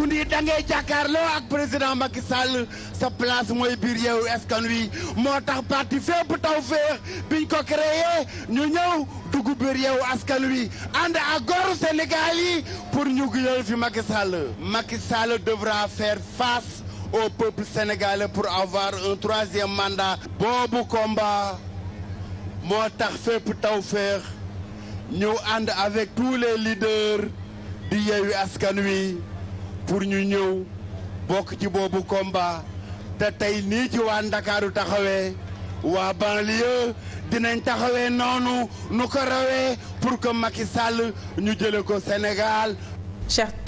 kundi da ngay jàkkaarloo ak président Macky Sall sa place mooy biir yeewu askan wi moo tax parti fépp taw féex biñ ko créé ñu ñëw dugg biir yeewu askan wi ànd ak góoru Sénégal yi pour ñu gënal fi Macky Sall Macky Sall devra faire face au peuple sénégalais pour avoir un troisième mandat boobu combat moo tax fépp taw ñu ànd avec tous les leaders di yeewu askan wi pour ñu ñëw bokk ci boobu combat te tey nii ci waa Ndakaaru taxawee waa banlieue dinañ taxawee noonu nu ko rawee pour que Macky sàll ñu jële ko Sénégal.